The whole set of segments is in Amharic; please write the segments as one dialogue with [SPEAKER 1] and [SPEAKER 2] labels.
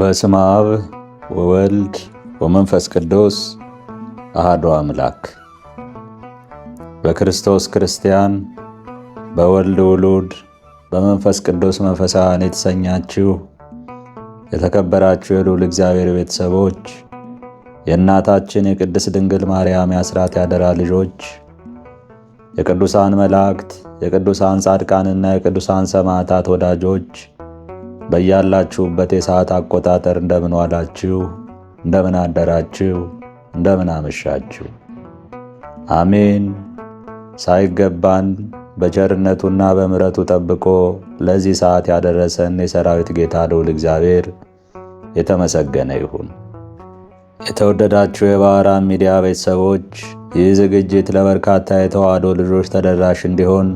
[SPEAKER 1] በስመ አብ ወወልድ ወመንፈስ ቅዱስ አሐዱ አምላክ። በክርስቶስ ክርስቲያን፣ በወልድ ውሉድ፣ በመንፈስ ቅዱስ መንፈሳውያን የተሰኛችሁ የተከበራችሁ የልዑል እግዚአብሔር ቤተሰቦች የእናታችን የቅድስት ድንግል ማርያም የአስራት ያደራ ልጆች የቅዱሳን መላእክት፣ የቅዱሳን ጻድቃንና የቅዱሳን ሰማዕታት ወዳጆች በያላችሁበት የሰዓት አቆጣጠር እንደምን ዋላችሁ፣ እንደምን አደራችሁ፣ እንደምን አመሻችሁ። አሜን። ሳይገባን በቸርነቱና በምሕረቱ ጠብቆ ለዚህ ሰዓት ያደረሰን የሰራዊት ጌታ ልዑል እግዚአብሔር የተመሰገነ ይሁን። የተወደዳችሁ የባህራ ሚዲያ ቤተሰቦች ይህ ዝግጅት ለበርካታ የተዋሕዶ ልጆች ተደራሽ እንዲሆን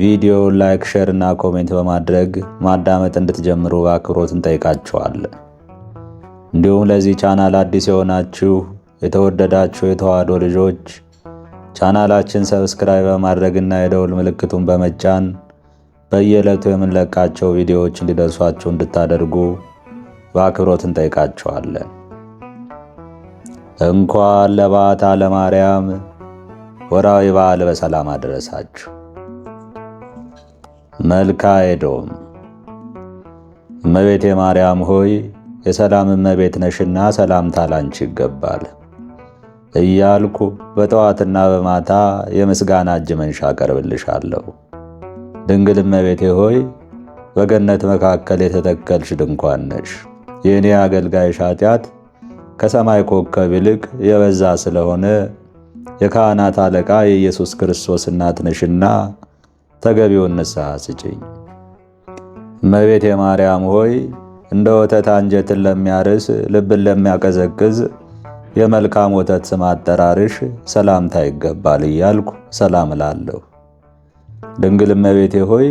[SPEAKER 1] ቪዲዮ ላይክ፣ ሼር እና ኮሜንት በማድረግ ማዳመጥ እንድትጀምሩ በአክብሮት እንጠይቃችኋለን። እንዲሁም ለዚህ ቻናል አዲስ የሆናችሁ የተወደዳችሁ የተዋህዶ ልጆች ቻናላችን ሰብስክራይብ በማድረግና የደውል ምልክቱን በመጫን በየዕለቱ የምንለቃቸው ቪዲዮዎች እንዲደርሷችሁ እንድታደርጉ በአክብሮት እንጠይቃችኋለን። እንኳን ለበዓታ ለማርያም ወራዊ በዓል በሰላም አደረሳችሁ። መልካ ኤዶም እመቤቴ ማርያም ሆይ የሰላም እመቤት ነሽና ሰላምታ ላንቺ ይገባል እያልኩ በጠዋትና በማታ የምስጋና እጅ መንሻ አቀርብልሻለሁ። ድንግል እመቤቴ ሆይ በገነት መካከል የተተከልሽ ድንኳን ነሽ። የእኔ አገልጋይሽ ኃጢአት ከሰማይ ኮከብ ይልቅ የበዛ ስለሆነ የካህናት አለቃ የኢየሱስ ክርስቶስ እናት ነሽና ተገቢውን ንስሐ ስጪኝ። እመቤቴ ማርያም ሆይ እንደ ወተት አንጀትን ለሚያርስ ልብን ለሚያቀዘቅዝ የመልካም ወተት ስም አጠራርሽ ሰላምታ ይገባል እያልኩ ሰላም እላለሁ። ድንግል እመቤቴ ሆይ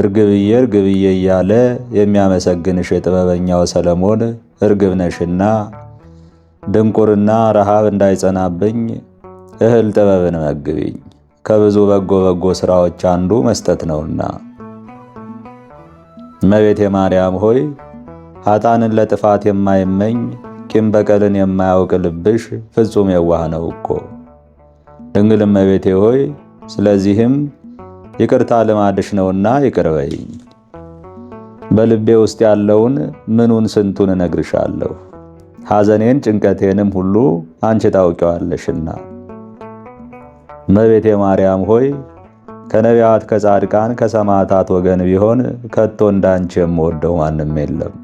[SPEAKER 1] እርግብዬ እርግብዬ እያለ የሚያመሰግንሽ የጥበበኛው ሰለሞን እርግብ ነሽና ድንቁርና ረሃብ እንዳይጸናብኝ እህል ጥበብን መግቢኝ። ከብዙ በጎ በጎ ስራዎች አንዱ መስጠት ነውና። እመቤቴ ማርያም ሆይ ኃጣንን ለጥፋት የማይመኝ ቂም በቀልን የማያውቅ ልብሽ ፍጹም የዋህ ነው እኮ። ድንግል እመቤቴ ሆይ ስለዚህም ይቅርታ ልማድሽ ነውና ይቅርበይ በልቤ ውስጥ ያለውን ምኑን ስንቱን እነግርሻለሁ። ሐዘኔን ጭንቀቴንም ሁሉ አንቺ ታውቂዋለሽና እመቤቴ ማርያም ሆይ ከነቢያት ከጻድቃን ከሰማዕታት ወገን ቢሆን ከቶ እንዳንቺ የምወደው ማንም የለም።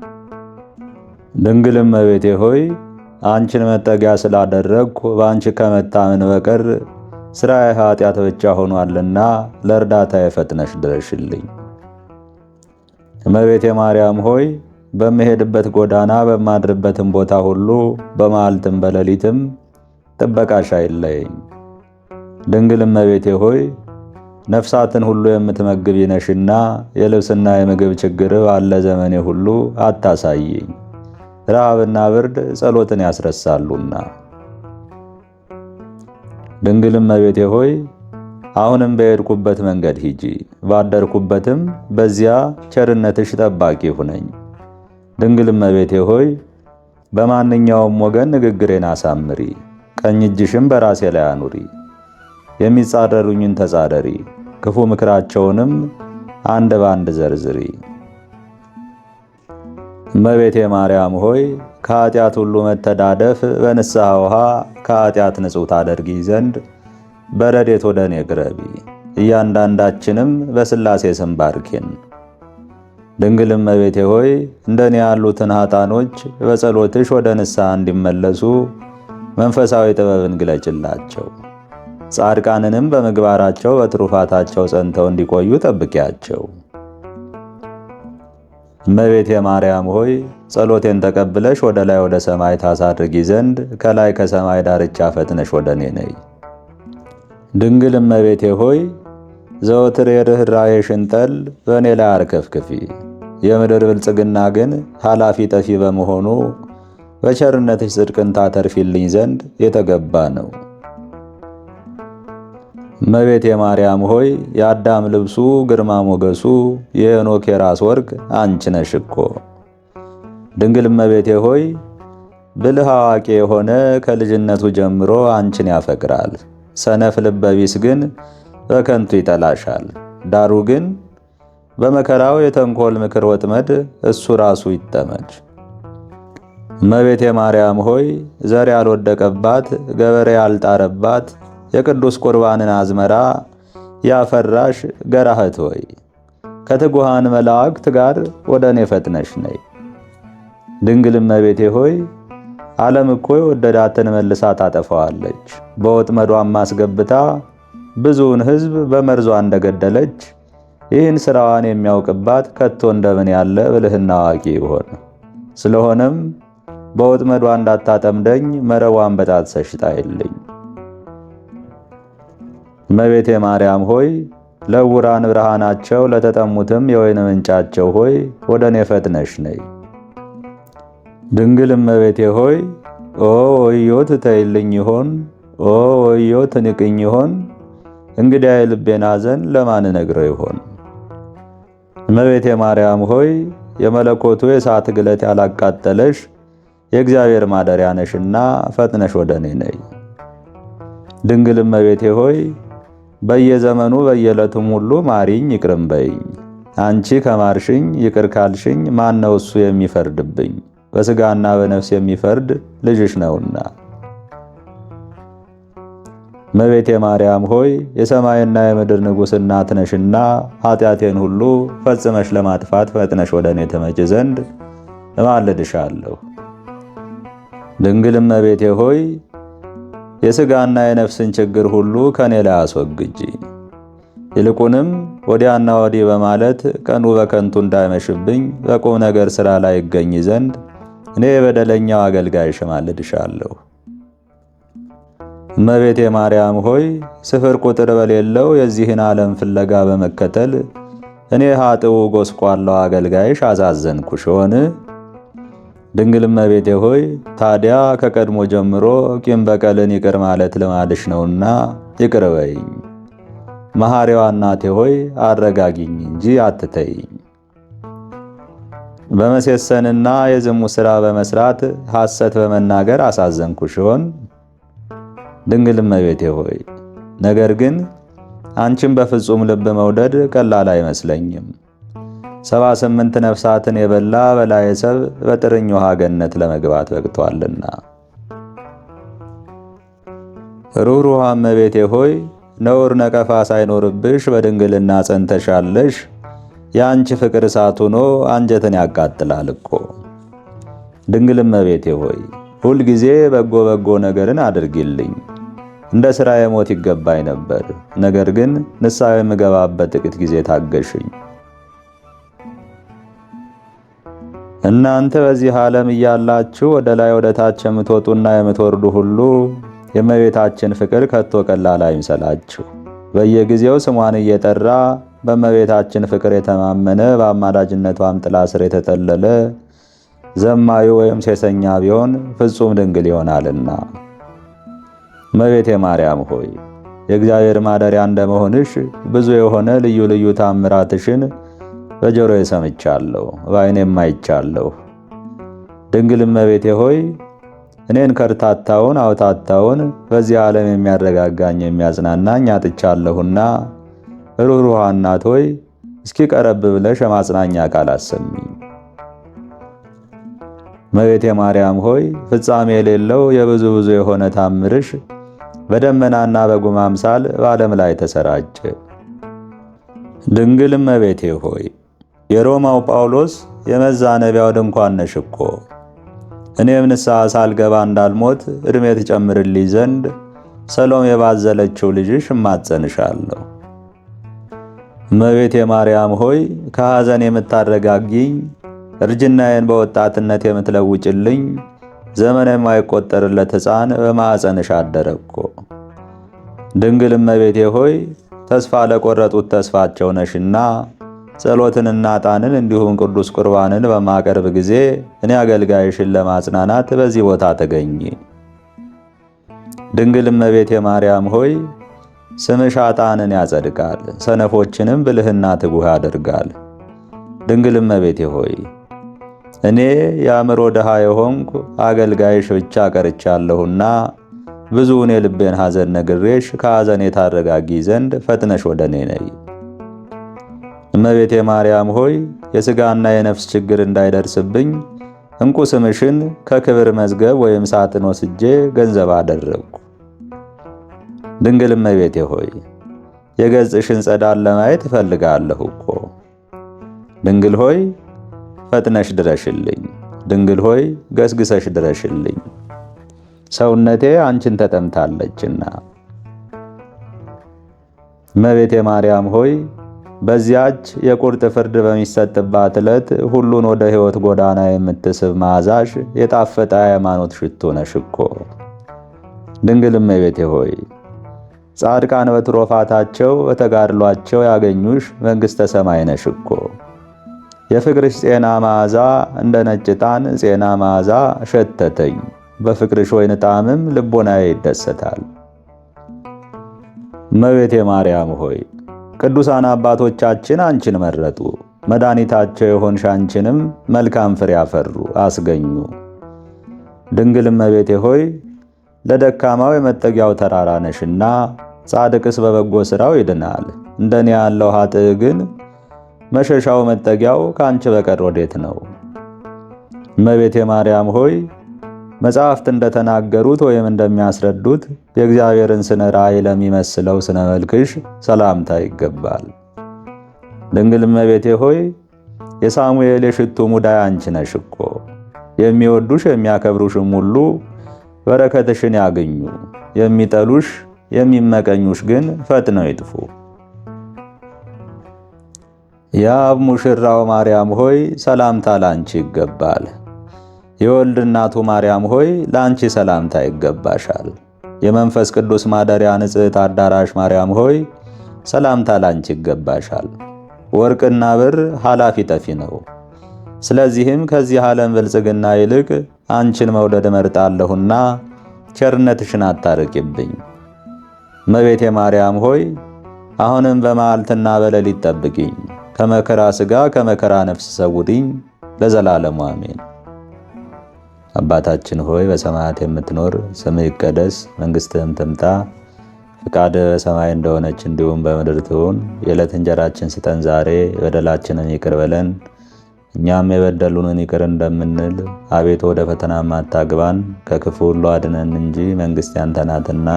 [SPEAKER 1] ድንግልም እመቤቴ ሆይ አንቺን መጠጊያ ስላደረግኩ በአንቺ ከመታመን በቀር ሥራ ኃጢአት ብቻ ሆኗልና ለእርዳታ የፈጥነሽ ድረሽልኝ። እመቤቴ ማርያም ሆይ በምሄድበት ጎዳና በማድርበትም ቦታ ሁሉ በመዓልትም በሌሊትም ጥበቃሽ አይለየኝ። ድንግል እመቤቴ ሆይ ነፍሳትን ሁሉ የምትመግብ ይነሽና የልብስና የምግብ ችግር ባለ ዘመኔ ሁሉ አታሳይኝ፣ ረሃብና ብርድ ጸሎትን ያስረሳሉና። ድንግል እመቤቴ ሆይ አሁንም በሄድኩበት መንገድ ሂጂ፣ ባደርኩበትም በዚያ ቸርነትሽ ጠባቂ ሁነኝ። ድንግል እመቤቴ ሆይ በማንኛውም ወገን ንግግሬን አሳምሪ፣ ቀኝ እጅሽም በራሴ ላይ አኑሪ። የሚጻረሩኝን ተጻረሪ፣ ክፉ ምክራቸውንም አንድ ባንድ ዘርዝሪ። እመቤቴ ማርያም ሆይ ከኃጢአት ሁሉ መተዳደፍ በንስሐ ውሃ ከኃጢአት ንጹሕ ታደርጊ ዘንድ በረዴት ወደ እኔ ግረቢ። እያንዳንዳችንም በሥላሴ ስም ባርኪን። ድንግል እመቤቴ ሆይ እንደኔ ያሉትን ኃጣኖች በጸሎትሽ ወደ ንስሐ እንዲመለሱ መንፈሳዊ ጥበብን ግለጭላቸው። ጻድቃንንም በምግባራቸው በትሩፋታቸው ጸንተው እንዲቆዩ ጠብቂያቸው። እመቤቴ ማርያም ሆይ ጸሎቴን ተቀብለሽ ወደ ላይ ወደ ሰማይ ታሳድርጊ ዘንድ ከላይ ከሰማይ ዳርቻ ፈጥነሽ ወደ እኔ ነይ። ድንግል እመቤቴ ሆይ ዘወትር የርኅራዬ ሽንጠል በእኔ ላይ አርከፍክፊ። የምድር ብልጽግና ግን ኃላፊ ጠፊ በመሆኑ በቸርነትሽ ጽድቅን ታተርፊልኝ ዘንድ የተገባ ነው። እመቤቴ ማርያም ሆይ የአዳም ልብሱ ግርማ ሞገሱ የሄኖክ የራስ ወርቅ አንቺ ነሽ እኮ። ድንግል መቤቴ ሆይ ብልህ አዋቂ የሆነ ከልጅነቱ ጀምሮ አንቺን ያፈቅራል። ሰነፍ ልበቢስ ግን በከንቱ ይጠላሻል። ዳሩ ግን በመከራው የተንኮል ምክር ወጥመድ እሱ ራሱ ይጠመድ። እመቤቴ ማርያም ሆይ ዘር ያልወደቀባት ገበሬ ያልጣረባት የቅዱስ ቁርባንን አዝመራ ያፈራሽ ገራህት ሆይ ከትጉሃን መላእክት ጋር ወደ እኔ ፈጥነሽ ነይ። ድንግል እመቤቴ ሆይ ዓለም እኮ የወደዳትን መልሳ ታጠፋዋለች። በወጥመዷን ማስገብታ ብዙውን ሕዝብ በመርዟ እንደገደለች ይህን ስራዋን የሚያውቅባት ከቶ እንደምን ያለ ብልህና አዋቂ ይሆን? ስለሆነም በወጥመዷ እንዳታጠምደኝ መረቧን በጣት ሰሽጣ የለኝ እመቤቴ ማርያም ሆይ ለውራን ብርሃናቸው ለተጠሙትም የወይን ምንጫቸው ሆይ ወደ እኔ ፈጥነሽ ነይ። ድንግል እመቤቴ ሆይ ኦ ወዮት ተይልኝ ይሆን? ኦ ወዮት ንቅኝ ይሆን? እንግዲያ የልቤን ዘን ለማን ነግረው ይሆን? እመቤቴ ማርያም ሆይ የመለኮቱ የእሳት ግለት ያላቃጠለሽ የእግዚአብሔር ማደሪያ ነሽና ፈጥነሽ ወደ እኔ ነይ። ድንግል እመቤቴ ሆይ በየዘመኑ በየዕለቱም ሁሉ ማሪኝ ይቅርም በይኝ። አንቺ ከማርሽኝ ይቅር ካልሽኝ ማን ነው እሱ የሚፈርድብኝ? በሥጋና በነፍስ የሚፈርድ ልጅሽ ነውና። እመቤቴ ማርያም ሆይ የሰማይና የምድር ንጉሥ እናት ነሽና ኃጢአቴን ሁሉ ፈጽመሽ ለማጥፋት ፈጥነሽ ወደ እኔ ተመጭ ዘንድ እማልድሻለሁ። ድንግልም መቤቴ ሆይ የሥጋና የነፍስን ችግር ሁሉ ከኔ ላይ አስወግጂ። ይልቁንም ወዲያና ወዲህ በማለት ቀኑ በከንቱ እንዳይመሽብኝ በቁም ነገር ሥራ ላይ ይገኝ ዘንድ እኔ የበደለኛው አገልጋይ ሽማልድሻለሁ። እመቤቴ ማርያም ሆይ ስፍር ቁጥር በሌለው የዚህን ዓለም ፍለጋ በመከተል እኔ ኃጥኡ ጎስቋላው አገልጋይሽ አዛዘንኩ ሲሆን ድንግል እመቤቴ ሆይ ታዲያ ከቀድሞ ጀምሮ ቂም በቀልን ይቅር ማለት ልማድሽ ነውና ይቅርበይ መሐሪዋ እናቴ ሆይ አረጋጊኝ እንጂ አትተይኝ። በመሴሰንና የዝሙ ሥራ በመስራት ሐሰት በመናገር አሳዘንኩ ሲሆን ድንግል እመቤቴ ሆይ ነገር ግን አንቺን በፍጹም ልብ መውደድ ቀላል አይመስለኝም። ሰባ ስምንት ነፍሳትን የበላ በላየ ሰብ በጥርኝ ውሃ ገነት ለመግባት በቅቷልና። ሩኅሩኅ እመቤቴ ሆይ ነውር ነቀፋ ሳይኖርብሽ በድንግልና ጸንተሻለሽ። የአንቺ ፍቅር እሳት ሆኖ አንጀትን ያቃጥላል እኮ። ድንግል እመቤቴ ሆይ ሁልጊዜ በጎ በጎ ነገርን አድርጊልኝ። እንደ ሥራ የሞት ይገባኝ ነበር፣ ነገር ግን ንስሐ የምገባበት ጥቂት ጊዜ ታገሽኝ። እናንተ በዚህ ዓለም እያላችሁ ወደ ላይ ወደ ታች የምትወጡና የምትወርዱ ሁሉ የእመቤታችን ፍቅር ከቶ ቀላል አይምሰላችሁ። በየጊዜው ስሟን እየጠራ በእመቤታችን ፍቅር የተማመነ በአማዳጅነቷም ጥላ ስር የተጠለለ ዘማዩ ወይም ሴሰኛ ቢሆን ፍጹም ድንግል ይሆናልና። እመቤቴ ማርያም ሆይ የእግዚአብሔር ማደሪያ እንደመሆንሽ ብዙ የሆነ ልዩ ልዩ ታምራትሽን በጆሮዬ ሰምቻለሁ፣ በዓይኔም አይቻለሁ። ድንግል እመቤቴ ሆይ እኔን ከርታታውን አውታታውን በዚህ ዓለም የሚያረጋጋኝ የሚያጽናናኝ አጥቻለሁና ሩህሩህ እናት ሆይ እስኪ ቀረብ ብለሽ የማጽናኛ ቃል አሰሚኝ። እመቤቴ ማርያም ሆይ ፍጻሜ የሌለው የብዙ ብዙ የሆነ ታምርሽ በደመናና በጉም አምሳል በዓለም ላይ ተሰራጨ። ድንግል እመቤቴ ሆይ የሮማው ጳውሎስ የመዛነቢያው ድንኳን ነሽ እኮ እኔም ንስሐ ሳልገባ እንዳልሞት ዕድሜ ትጨምርልኝ ዘንድ ሰሎም የባዘለችው ልጅሽ እማጸንሻለሁ። እመቤቴ ማርያም ሆይ ከሐዘን የምታረጋጊኝ፣ እርጅናዬን በወጣትነት የምትለውጭልኝ፣ ዘመን የማይቆጠርለት ሕፃን በማዕፀንሽ አደረ እኮ። ድንግል እመቤቴ ሆይ ተስፋ ለቆረጡት ተስፋቸው ነሽና ጸሎትንና ዕጣንን እንዲሁም ቅዱስ ቁርባንን በማቀርብ ጊዜ እኔ አገልጋይሽን ለማጽናናት በዚህ ቦታ ተገኝ። ድንግል እመቤቴ ማርያም ሆይ ስምሽ አጣንን ያጸድቃል፣ ሰነፎችንም ብልህና ትጉህ ያደርጋል። ድንግል እመቤቴ ሆይ እኔ የአእምሮ ድሃ የሆንኩ አገልጋይሽ ብቻ ቀርቻለሁና ብዙውን የልቤን ሐዘን ነግሬሽ ከሐዘን የታረጋጊ ዘንድ ፈጥነሽ ወደ እኔ ነይ። እመቤቴ ማርያም ሆይ የሥጋና የነፍስ ችግር እንዳይደርስብኝ እንቁ ስምሽን ከክብር መዝገብ ወይም ሳጥን ወስጄ ገንዘብ አደረግኩ። ድንግል እመቤቴ ሆይ የገጽሽን ጸዳን ለማየት እፈልጋለሁ እኮ። ድንግል ሆይ ፈጥነሽ ድረሽልኝ። ድንግል ሆይ ገስግሰሽ ድረሽልኝ፣ ሰውነቴ አንቺን ተጠምታለችና። እመቤቴ ማርያም ሆይ በዚያች የቁርጥ ፍርድ በሚሰጥባት ዕለት ሁሉን ወደ ሕይወት ጎዳና የምትስብ መዓዛሽ የጣፈጠ ሃይማኖት ሽቶ ነሽ እኮ። ድንግል ሆይ ጻድቃን በትሮፋታቸው በተጋድሏቸው ያገኙሽ መንግሥተ ሰማይ ነሽ እኮ። የፍቅርሽ ጤና መዓዛ እንደ ነጭ ዕጣን ጤና መዓዛ ሸተተኝ። በፍቅርሽ ወይን ጣዕምም ልቦናዬ ይደሰታል። መቤቴ ማርያም ሆይ ቅዱሳን አባቶቻችን አንቺን መረጡ፣ መድኃኒታቸው የሆንሽ አንቺንም መልካም ፍሬ አፈሩ አስገኙ። ድንግል እመቤቴ ሆይ ለደካማው የመጠጊያው ተራራ ነሽና፣ ጻድቅስ በበጎ ሥራው ይድናል። እንደኔ ያለው ኃጥእ ግን መሸሻው መጠጊያው ከአንቺ በቀር ወዴት ነው? እመቤቴ ማርያም ሆይ መጽሐፍት እንደተናገሩት ወይም እንደሚያስረዱት የእግዚአብሔርን ስነ ራእይ ለሚመስለው ስነ መልክሽ ሰላምታ ይገባል። ድንግል እመቤቴ ሆይ የሳሙኤል የሽቱ ሙዳይ አንቺ ነሽ እኮ። የሚወዱሽ የሚያከብሩሽም ሁሉ በረከትሽን ያግኙ፣ የሚጠሉሽ የሚመቀኙሽ ግን ፈጥነው ይጥፉ። የአብ ሙሽራው ማርያም ሆይ ሰላምታ ላንቺ ይገባል። የወልድ እናቱ ማርያም ሆይ ለአንቺ ሰላምታ ይገባሻል። የመንፈስ ቅዱስ ማደሪያ ንጽሕት አዳራሽ ማርያም ሆይ ሰላምታ ላንቺ ይገባሻል። ወርቅና ብር ኃላፊ ጠፊ ነው። ስለዚህም ከዚህ ዓለም ብልጽግና ይልቅ አንቺን መውደድ እመርጣለሁና ቸርነትሽን አታርቂብኝ። መቤቴ ማርያም ሆይ አሁንም በመዓልትና በሌሊት ጠብቂኝ፣ ከመከራ ሥጋ ከመከራ ነፍስ ሰውድኝ ለዘላለሙ አሜን። አባታችን ሆይ በሰማያት የምትኖር ስምህ ይቀደስ፣ መንግስትህም ትምጣ፣ ፍቃድ በሰማይ እንደሆነች እንዲሁም በምድር ትሁን። የዕለት እንጀራችን ስጠን ዛሬ፣ በደላችንን ይቅር በለን እኛም የበደሉንን ይቅር እንደምንል፣ አቤቱ ወደ ፈተና ማታግባን ከክፉ ሁሉ አድነን እንጂ መንግስት ያንተ ናትና፣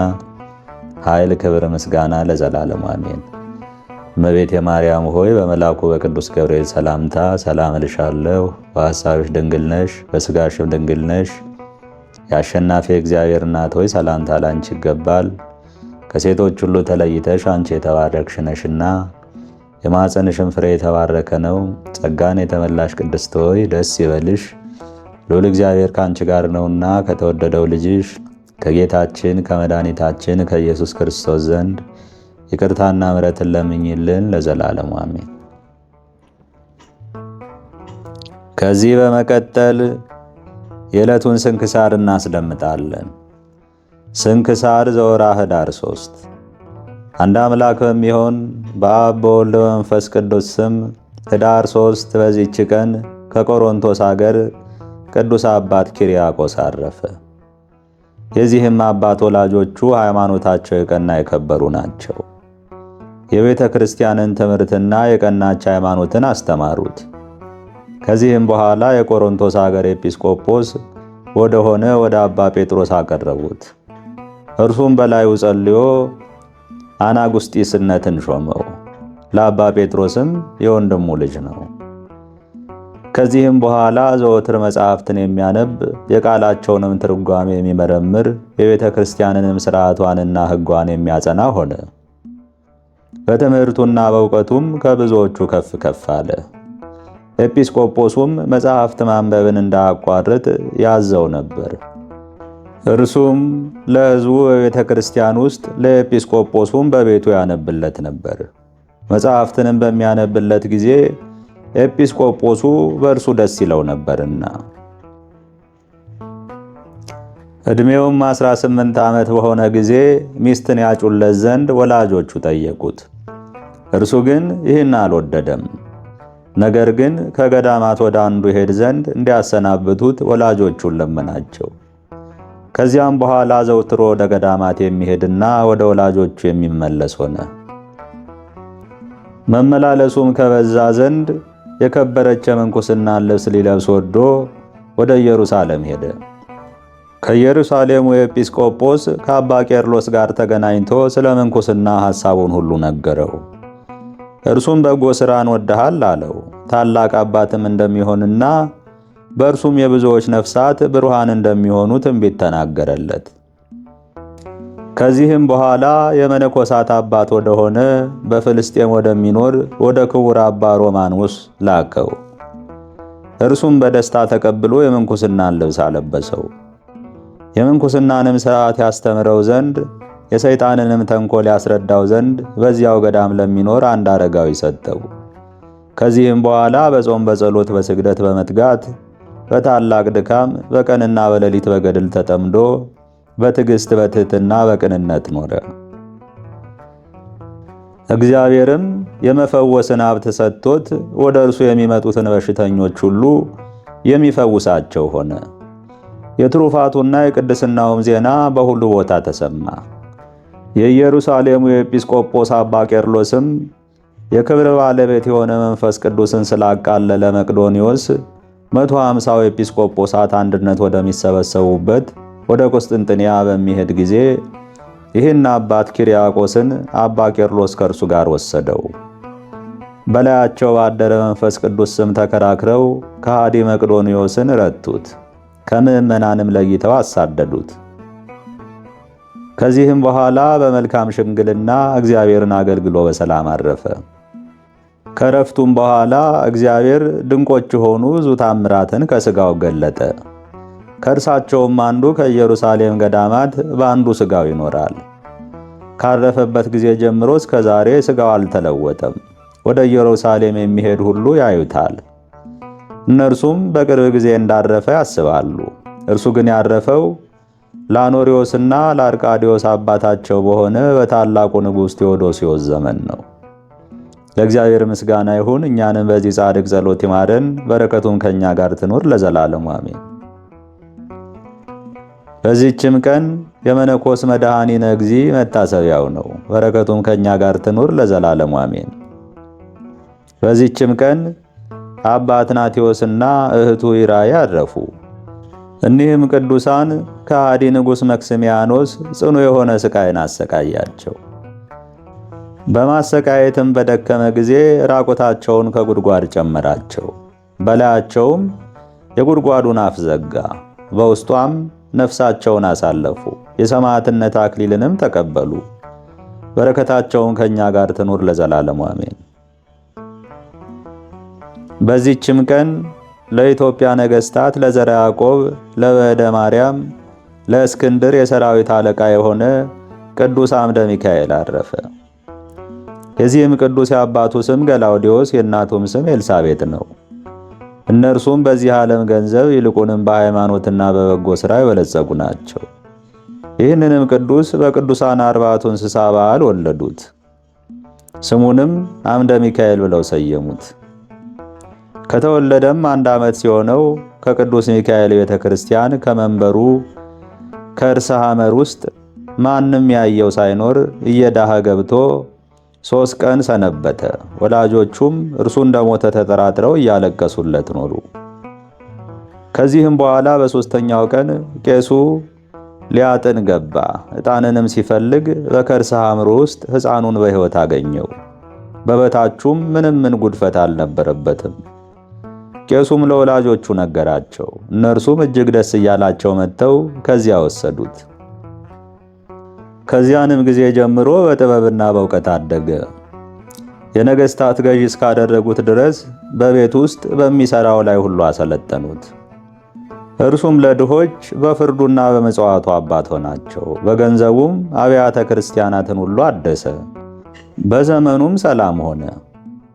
[SPEAKER 1] ኃይል፣ ክብር፣ ምስጋና ለዘላለሙ አሜን። እመቤት የማርያም ሆይ በመልአኩ በቅዱስ ገብርኤል ሰላምታ ሰላም እልሻለሁ። በሐሳብሽ ድንግል ነሽ፣ በሥጋሽም ድንግል ነሽ። የአሸናፊ እግዚአብሔር እናት ሆይ ሰላምታ ላንቺ ይገባል። ከሴቶች ሁሉ ተለይተሽ አንቺ የተባረክሽ ነሽና የማኅፀንሽን ፍሬ የተባረከ ነው። ጸጋን የተመላሽ ቅድስት ሆይ ደስ ይበልሽ፣ ልዑል እግዚአብሔር ከአንቺ ጋር ነውና ከተወደደው ልጅሽ ከጌታችን ከመድኃኒታችን ከኢየሱስ ክርስቶስ ዘንድ ይቅርታና ምሕረትን ለምኝልን ለዘላለሙ አሜን። ከዚህ በመቀጠል የዕለቱን ስንክሳር እናስደምጣለን። ስንክሳር ዘወርኀ ኅዳር ሶስት አንድ አምላክ በሚሆን በአብ በወልድ በመንፈስ ቅዱስ ስም ኅዳር ሶስት በዚህች ቀን ከቆሮንቶስ አገር ቅዱስ አባት ኪርያቆስ አረፈ። የዚህም አባት ወላጆቹ ሃይማኖታቸው የቀና የከበሩ ናቸው። የቤተ ክርስቲያንን ትምህርትና የቀናች ሃይማኖትን አስተማሩት። ከዚህም በኋላ የቆሮንቶስ አገር ኤጲስቆጶስ ወደ ሆነ ወደ አባ ጴጥሮስ አቀረቡት። እርሱም በላዩ ጸልዮ አናጉስጢስነትን ሾመው። ለአባ ጴጥሮስም የወንድሙ ልጅ ነው። ከዚህም በኋላ ዘወትር መጽሐፍትን የሚያነብ የቃላቸውንም ትርጓሜ የሚመረምር የቤተ ክርስቲያንንም ሥርዓቷንና ሕጓን የሚያጸና ሆነ። በትምህርቱና በእውቀቱም ከብዙዎቹ ከፍ ከፍ አለ። ኤጲስቆጶሱም መጽሐፍት ማንበብን እንዳያቋርጥ ያዘው ነበር። እርሱም ለሕዝቡ በቤተ ክርስቲያን ውስጥ ለኤጲስቆጶሱም በቤቱ ያነብለት ነበር። መጽሐፍትንም በሚያነብለት ጊዜ ኤጲስቆጶሱ በእርሱ ደስ ይለው ነበርና ዕድሜውም 18 ዓመት በሆነ ጊዜ ሚስትን ያጩለት ዘንድ ወላጆቹ ጠየቁት። እርሱ ግን ይህን አልወደደም። ነገር ግን ከገዳማት ወደ አንዱ ሄድ ዘንድ እንዲያሰናብቱት ወላጆቹን ለመናቸው። ከዚያም በኋላ ዘውትሮ ወደ ገዳማት የሚሄድና ወደ ወላጆቹ የሚመለስ ሆነ። መመላለሱም ከበዛ ዘንድ የከበረች የምንኩስናን ልብስ ሊለብስ ወዶ ወደ ኢየሩሳሌም ሄደ። ከኢየሩሳሌሙ ኤጲስቆጶስ ከአባ ቄርሎስ ጋር ተገናኝቶ ስለ ምንኩስና ሐሳቡን ሁሉ ነገረው። እርሱም በጎ ሥራን ወደሃል አለው። ታላቅ አባትም እንደሚሆንና በእርሱም የብዙዎች ነፍሳት ብሩሃን እንደሚሆኑ ትንቢት ተናገረለት። ከዚህም በኋላ የመነኮሳት አባት ወደሆነ በፍልስጤም ወደሚኖር ወደ ክቡር አባ ሮማኖስ ላከው። እርሱም በደስታ ተቀብሎ የምንኩስናን ልብስ አለበሰው። የምንኩስናንም ሥርዓት ያስተምረው ዘንድ የሰይጣንንም ተንኮል ያስረዳው ዘንድ በዚያው ገዳም ለሚኖር አንድ አረጋዊ ሰጠው። ከዚህም በኋላ በጾም በጸሎት በስግደት በመትጋት በታላቅ ድካም በቀንና በሌሊት በገድል ተጠምዶ በትዕግስት በትህትና በቅንነት ኖረ። እግዚአብሔርም የመፈወስን ሀብት ሰጥቶት ወደ እርሱ የሚመጡትን በሽተኞች ሁሉ የሚፈውሳቸው ሆነ። የትሩፋቱና የቅድስናውም ዜና በሁሉ ቦታ ተሰማ። የኢየሩሳሌሙ የኤጲስቆጶስ አባ ቄርሎስም የክብር ባለቤት የሆነ መንፈስ ቅዱስን ስላቃለለ መቅዶኒዎስ መቶ ሃምሳው ኤጲስቆጶሳት አንድነት ወደሚሰበሰቡበት ወደ ቁስጥንጥንያ በሚሄድ ጊዜ ይህን አባት ኪርያቆስን አባ ቄርሎስ ከእርሱ ጋር ወሰደው። በላያቸው ባደረ መንፈስ ቅዱስ ስም ተከራክረው ከሃዲ መቅዶኒዎስን ረቱት። ከምዕመናንም ለይተው አሳደዱት። ከዚህም በኋላ በመልካም ሽምግልና እግዚአብሔርን አገልግሎ በሰላም አረፈ። ከረፍቱም በኋላ እግዚአብሔር ድንቆች የሆኑ ብዙ ታምራትን ከሥጋው ገለጠ። ከእርሳቸውም አንዱ ከኢየሩሳሌም ገዳማት በአንዱ ሥጋው ይኖራል። ካረፈበት ጊዜ ጀምሮ እስከ ዛሬ ሥጋው አልተለወጠም። ወደ ኢየሩሳሌም የሚሄድ ሁሉ ያዩታል። እነርሱም በቅርብ ጊዜ እንዳረፈ ያስባሉ። እርሱ ግን ያረፈው ለአኖሪዎስና ለአርቃዲዎስ አባታቸው በሆነ በታላቁ ንጉሥ ቴዎዶሲዎስ ዘመን ነው። ለእግዚአብሔር ምስጋና ይሁን። እኛንም በዚህ ጻድቅ ጸሎት ይማረን፣ በረከቱም ከእኛ ጋር ትኖር ለዘላለሙ አሜን። በዚህችም ቀን የመነኮስ መድኃኒነ እግዚ መታሰቢያው ነው። በረከቱም ከእኛ ጋር ትኑር ለዘላለሙ አሜን። በዚህችም ቀን አባ አትናቴዎስና እህቱ ይራይ አረፉ። እኒህም ቅዱሳን ከሃዲ ንጉሥ መክስሚያኖስ ጽኑ የሆነ ሥቃይን አሰቃያቸው። በማሰቃየትም በደከመ ጊዜ ራቁታቸውን ከጉድጓድ ጨመራቸው። በላያቸውም የጉድጓዱን አፍ ዘጋ። በውስጧም ነፍሳቸውን አሳለፉ። የሰማዕትነት አክሊልንም ተቀበሉ። በረከታቸውን ከእኛ ጋር ትኑር ለዘላለሙ አሜን። በዚህችም ቀን ለኢትዮጵያ ነገሥታት ለዘረ ያዕቆብ ለበደ ማርያም ለእስክንድር የሰራዊት አለቃ የሆነ ቅዱስ አምደ ሚካኤል አረፈ። የዚህም ቅዱስ የአባቱ ስም ገላውዲዮስ የእናቱም ስም ኤልሳቤጥ ነው። እነርሱም በዚህ ዓለም ገንዘብ ይልቁንም በሃይማኖትና በበጎ ሥራ የበለጸጉ ናቸው። ይህንንም ቅዱስ በቅዱሳን አርባቱ እንስሳ በዓል ወለዱት። ስሙንም አምደ ሚካኤል ብለው ሰየሙት። ከተወለደም አንድ ዓመት ሲሆነው ከቅዱስ ሚካኤል ቤተ ክርስቲያን ከመንበሩ ከእርሰ ሐመር ውስጥ ማንም ያየው ሳይኖር እየዳኸ ገብቶ ሦስት ቀን ሰነበተ። ወላጆቹም እርሱ እንደሞተ ተጠራጥረው እያለቀሱለት ኖሩ። ከዚህም በኋላ በሦስተኛው ቀን ቄሱ ሊያጥን ገባ። ዕጣንንም ሲፈልግ በከርሰ ሐምሮ ውስጥ ሕፃኑን በሕይወት አገኘው። በበታቹም ምንም ምን ጉድፈት አልነበረበትም። ቄሱም ለወላጆቹ ነገራቸው። እነርሱም እጅግ ደስ እያላቸው መጥተው ከዚያ ወሰዱት። ከዚያንም ጊዜ ጀምሮ በጥበብና በእውቀት አደገ። የነገስታት ገዢ እስካደረጉት ድረስ በቤት ውስጥ በሚሰራው ላይ ሁሉ አሰለጠኑት። እርሱም ለድሆች በፍርዱና በመጽዋቱ አባት ሆናቸው። በገንዘቡም አብያተ ክርስቲያናትን ሁሉ አደሰ። በዘመኑም ሰላም ሆነ።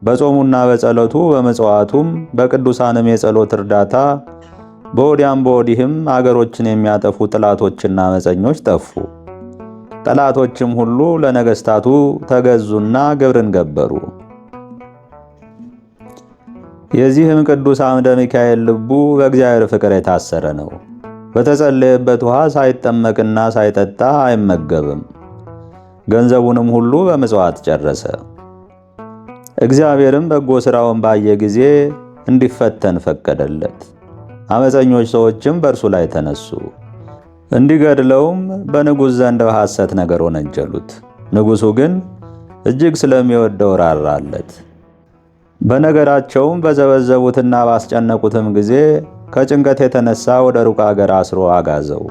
[SPEAKER 1] በጾሙና በጸሎቱ በመጽዋቱም በቅዱሳንም የጸሎት እርዳታ በወዲያም በወዲህም አገሮችን የሚያጠፉ ጠላቶችና አመፀኞች ጠፉ። ጠላቶችም ሁሉ ለነገሥታቱ ተገዙና ግብርን ገበሩ። የዚህም ቅዱስ አምደ ሚካኤል ልቡ በእግዚአብሔር ፍቅር የታሰረ ነው። በተጸለየበት ውሃ ሳይጠመቅና ሳይጠጣ አይመገብም። ገንዘቡንም ሁሉ በምጽዋት ጨረሰ። እግዚአብሔርም በጎ ሥራውን ባየ ጊዜ እንዲፈተን ፈቀደለት። አመፀኞች ሰዎችም በእርሱ ላይ ተነሱ፣ እንዲገድለውም በንጉሥ ዘንድ በሐሰት ነገር ወነጀሉት። ንጉሡ ግን እጅግ ስለሚወደው ራራለት። በነገራቸውም በዘበዘቡትና ባስጨነቁትም ጊዜ ከጭንቀት የተነሳ ወደ ሩቅ አገር አስሮ አጋዘው።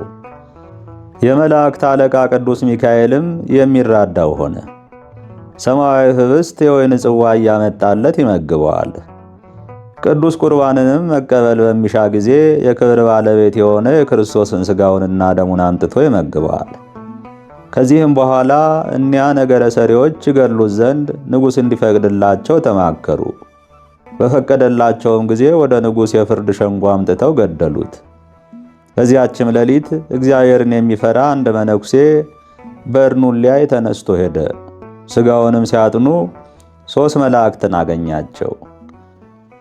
[SPEAKER 1] የመላእክት አለቃ ቅዱስ ሚካኤልም የሚራዳው ሆነ። ሰማያዊ ህብስት የወይን ጽዋ እያመጣለት ይመግበዋል። ቅዱስ ቁርባንንም መቀበል በሚሻ ጊዜ የክብር ባለቤት የሆነ የክርስቶስን ሥጋውንና ደሙን አምጥቶ ይመግበዋል። ከዚህም በኋላ እኒያ ነገረ ሰሪዎች ይገድሉት ዘንድ ንጉሥ እንዲፈቅድላቸው ተማከሩ። በፈቀደላቸውም ጊዜ ወደ ንጉሥ የፍርድ ሸንጎ አምጥተው ገደሉት። በዚያችም ሌሊት እግዚአብሔርን የሚፈራ አንድ መነኩሴ በእርኑ ሊያይ ተነስቶ ሄደ። ሥጋውንም ሲያጥኑ ሦስት መላእክትን አገኛቸው።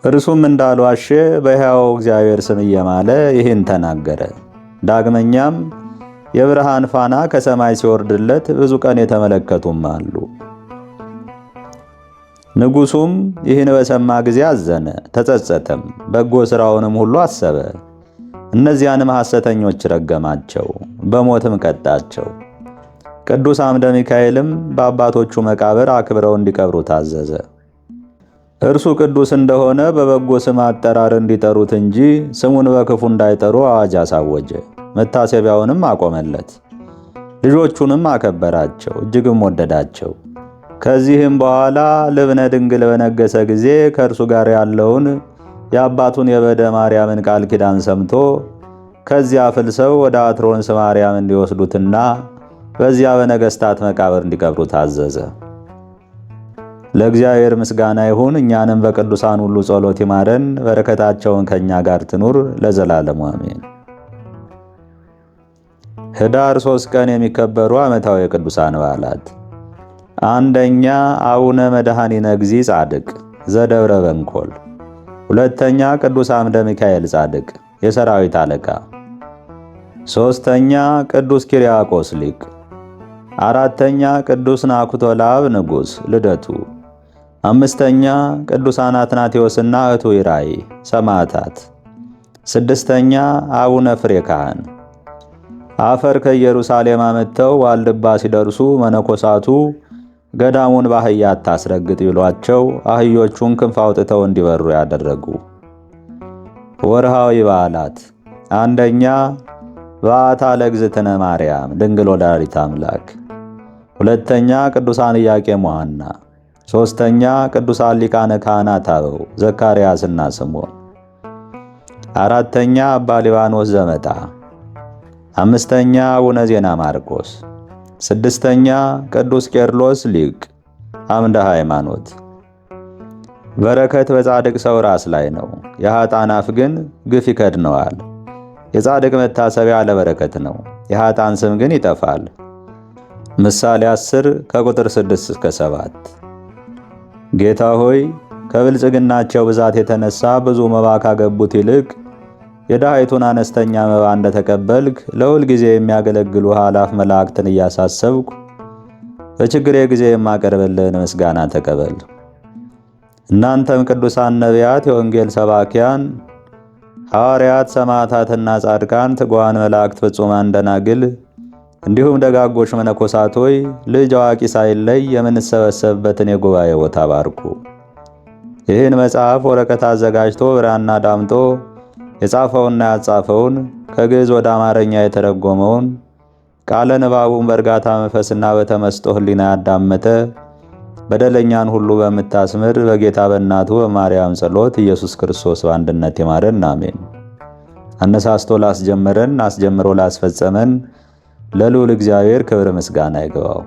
[SPEAKER 1] እርሱም እንዳልዋሸ በሕያው እግዚአብሔር ስም እየማለ ይህን ተናገረ። ዳግመኛም የብርሃን ፋና ከሰማይ ሲወርድለት ብዙ ቀን የተመለከቱም አሉ። ንጉሡም ይህን በሰማ ጊዜ አዘነ፣ ተጸጸተም፣ በጎ ሥራውንም ሁሉ አሰበ። እነዚያንም ሐሰተኞች ረገማቸው፣ በሞትም ቀጣቸው። ቅዱስ አምደ ሚካኤልም በአባቶቹ መቃብር አክብረው እንዲቀብሩ ታዘዘ። እርሱ ቅዱስ እንደሆነ በበጎ ስም አጠራር እንዲጠሩት እንጂ ስሙን በክፉ እንዳይጠሩ አዋጅ አሳወጀ። መታሰቢያውንም አቆመለት። ልጆቹንም አከበራቸው፣ እጅግም ወደዳቸው። ከዚህም በኋላ ልብነ ድንግል በነገሰ ጊዜ ከእርሱ ጋር ያለውን የአባቱን የበደ ማርያምን ቃል ኪዳን ሰምቶ ከዚያ ፍልሰው ወደ አትሮንስ ማርያም እንዲወስዱትና በዚያ በነገስታት መቃብር እንዲቀብሩ ታዘዘ። ለእግዚአብሔር ምስጋና ይሁን። እኛንም በቅዱሳን ሁሉ ጸሎት ይማረን፣ በረከታቸውን ከእኛ ጋር ትኑር ለዘላለሙ አሜን። ህዳር ሶስት ቀን የሚከበሩ ዓመታዊ የቅዱሳን በዓላት፣ አንደኛ አቡነ መድኃኒነ እግዚእ ጻድቅ ዘደብረ በንኮል፣ ሁለተኛ ቅዱስ አምደ ሚካኤል ጻድቅ የሰራዊት አለቃ፣ ሦስተኛ ቅዱስ ኪርያቆስ ሊቅ አራተኛ ቅዱስ ናኩቶ ለአብ ንጉሥ ልደቱ። አምስተኛ ቅዱሳን አትናቴዎስና እቱ ይራይ ሰማዕታት። ስድስተኛ አቡነ ፍሬ ካህን። አፈር ከኢየሩሳሌም አመጥተው ዋልድባ ሲደርሱ መነኮሳቱ ገዳሙን በአህያ አታስረግጥ ይሏቸው አህዮቹን ክንፍ አውጥተው እንዲበሩ ያደረጉ። ወርሃዊ በዓላት፣ አንደኛ በዓታ ለእግዝእትነ ማርያም ድንግል ወላዲተ አምላክ ሁለተኛ ቅዱሳን ኢያቄሞሐና፣ ሦስተኛ ቅዱሳን ሊቃነ ካህናት አበው ዘካርያስና ስምዖን፣ አራተኛ አባ ሊባኖስ ዘመጣ፣ አምስተኛ አቡነ ዜና ማርቆስ፣ ስድስተኛ ቅዱስ ቄርሎስ ሊቅ አምደ ሃይማኖት። በረከት በጻድቅ ሰው ራስ ላይ ነው፣ የኃጥአን አፍ ግን ግፍ ይከድነዋል። የጻድቅ መታሰቢያ ለበረከት ነው፣ የኃጥአን ስም ግን ይጠፋል። ምሳሌ 10 ከቁጥር 6 እስከ 7 ጌታ ሆይ ከብልጽግናቸው ብዛት የተነሳ ብዙ መባ ካገቡት ይልቅ የድሃይቱን አነስተኛ መባ እንደተቀበልክ ለሁል ጊዜ የሚያገለግሉ ኃላፍ መላእክትን እያሳሰብኩ በችግሬ ጊዜ የማቀርብልህን ምስጋና ተቀበል። እናንተም ቅዱሳን ነቢያት፣ የወንጌል ሰባኪያን ሐዋርያት፣ ሰማዕታትና ጻድቃን፣ ትጉሃን መላእክት፣ ፍጹማን ደናግል እንዲሁም ደጋጎች መነኮሳት ሆይ ልጅ አዋቂ ሳይለይ የምንሰበሰብበትን የጉባኤ ቦታ ባርኩ። ይህን መጽሐፍ ወረቀት አዘጋጅቶ ብራና ዳምጦ የጻፈውና ያጻፈውን ከግዕዝ ወደ አማርኛ የተረጎመውን ቃለ ንባቡን በእርጋታ መንፈስና በተመስጦ ሕሊና ያዳመጠ በደለኛን ሁሉ በምታስምር በጌታ በእናቱ በማርያም ጸሎት ኢየሱስ ክርስቶስ በአንድነት ይማረን፣ አሜን። አነሳስቶ ላስጀመረን አስጀምሮ ላስፈጸመን ለልዑል እግዚአብሔር ክብር ምስጋና ይገባው።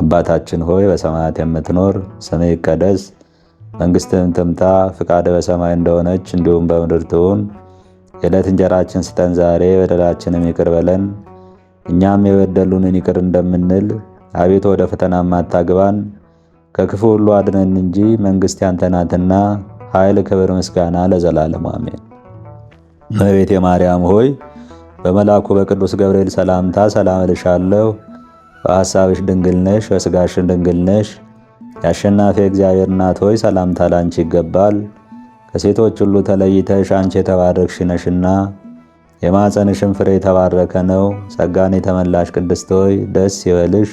[SPEAKER 1] አባታችን ሆይ በሰማያት የምትኖር ስምህ ይቀደስ፣ መንግሥትህም ትምጣ፣ ፍቃድ በሰማይ እንደሆነች እንዲሁም በምድር ትሁን። የዕለት እንጀራችን ስጠን ዛሬ፣ በደላችንም ይቅር በለን እኛም የበደሉንን ይቅር እንደምንል። አቤቱ ወደ ፈተና ማታግባን ከክፉ ሁሉ አድነን እንጂ መንግሥት ያንተ ናትና፣ ኃይል፣ ክብር፣ ምስጋና ለዘላለም አሜን። እመቤቴ ማርያም ሆይ በመልአኩ በቅዱስ ገብርኤል ሰላምታ ሰላም እልሻለሁ፣ በሐሳብሽ ድንግል ነሽ፣ በሥጋሽን ድንግል ነሽ። የአሸናፊ እግዚአብሔር እናት ሆይ ሰላምታ ላንቺ ይገባል። ከሴቶች ሁሉ ተለይተሽ አንቺ የተባረክሽ ነሽና የማፀንሽን ፍሬ የተባረከ ነው። ጸጋን የተመላሽ ቅድስት ሆይ ደስ ይበልሽ፣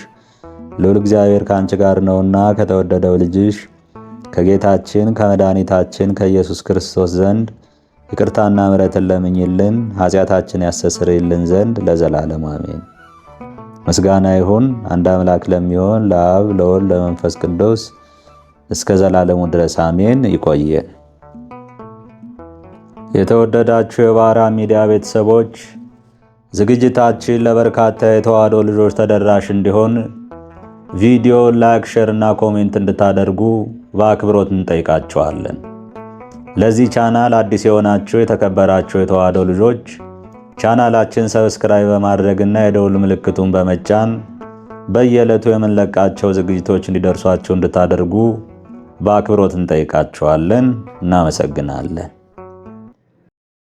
[SPEAKER 1] ልዑል እግዚአብሔር ከአንቺ ጋር ነውና ከተወደደው ልጅሽ ከጌታችን ከመድኃኒታችን ከኢየሱስ ክርስቶስ ዘንድ ይቅርታና ምሕረትን ለምኝልን ኃጢአታችን ያስተሰርይልን ዘንድ ለዘላለም አሜን። ምስጋና ይሁን አንድ አምላክ ለሚሆን ለአብ ለወልድ ለመንፈስ ቅዱስ እስከ ዘላለሙ ድረስ አሜን። ይቆየን። የተወደዳችሁ የባሕራ ሚዲያ ቤተሰቦች ዝግጅታችን ለበርካታ የተዋሕዶ ልጆች ተደራሽ እንዲሆን ቪዲዮ ላይክ፣ ሼር እና ኮሜንት እንድታደርጉ በአክብሮት እንጠይቃችኋለን። ለዚህ ቻናል አዲስ የሆናችሁ የተከበራችሁ የተዋህዶ ልጆች ቻናላችን ሰብስክራይብ በማድረግና የደውል ምልክቱን በመጫን በየዕለቱ የምንለቃቸው ዝግጅቶች እንዲደርሷችሁ እንድታደርጉ በአክብሮት እንጠይቃችኋለን። እናመሰግናለን።